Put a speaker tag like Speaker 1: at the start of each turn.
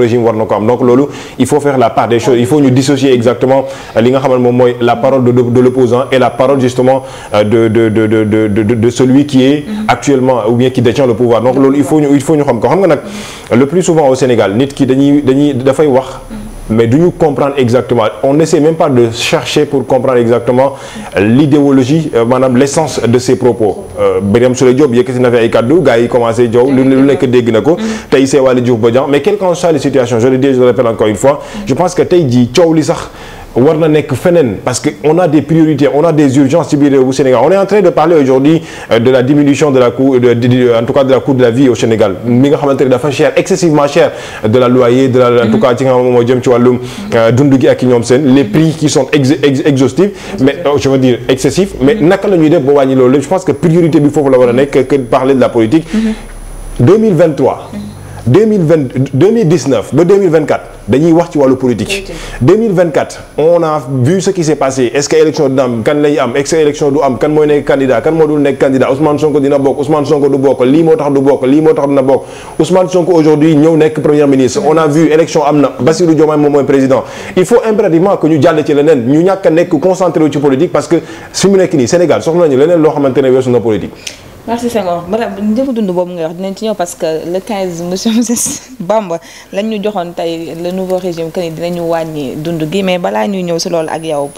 Speaker 1: régime war na ko am donc loolu il faut faire la part des choses il faut ñu dissocier exactement euh, li nga xam ne moom la parole de l'opposant et la parole justement euh, de celui qui est mm-hmm. actuellement ou bien qui détient le pouvoir il faut ñu il ko xam nga nag le plus souvent au Sénégal nit ki dañuy dañuy dafay wax mais du ñu comprendre exactement on n'essaie même pas de chercher pour comprendre exactement l'idéologie euh, maanaam l'essence de ses propos euh, Birame Souleye Diop si na fi ay kaddu ga yi commencé jow lu nekk dégg na ko tey c'est Waly Diouf Bodian mais quel qu'en soit les situations je le dis je le répète encore une fois je pense que tey jii coow li sa war na nekk feneen parce que on a des a des urgences ci biir bu Sénégal on est en train de parler aujourd'hui euh, de la diminution de la coût de la vie au Sénégal mi nga xamante ne dafa cher excessivement cher de la loyer de la en tout cas ci nga xam moom moo jëm ci wàllum euh, dund les prix qui sont exhaustifs mais euh, je veux dire excessifs mais naka la ñuy def je pense que priorité bi foofu la war nekk que parler de la politique mm-hmm. deux mille vingt deux mille dix neuf ba deux mille vingt quatre dañuy wax ci wàllu politique. on a vu ce qui s' est est ce que élection dina am kan lay am est élection du am kan mooy nekk candidat kan moo dul nekk candidat Ousmane Sonko dina bokk Ousmane Sonko du bokk lii moo tax du bokk lii moo tax dina bokk Ousmane Sonko aujourd'hui ñëw nekk premier ministre on a vu élection am na Bassirou Diomaye moom mooy président il faut impérativement que ñu jàll ci leneen ñu ñàkk a nekk concentré wu ci politique parce que su mu ne weesu
Speaker 2: merci Senghor njëkk dund boobu ngay wax dinañ ci ñëw parce que le 15 monsieur Moses Bamba lañ ñu joxoon tey le nouveau régime que ni dinañu wàññi dund gi mais balaa ñuy ñëw si loolu ak yow.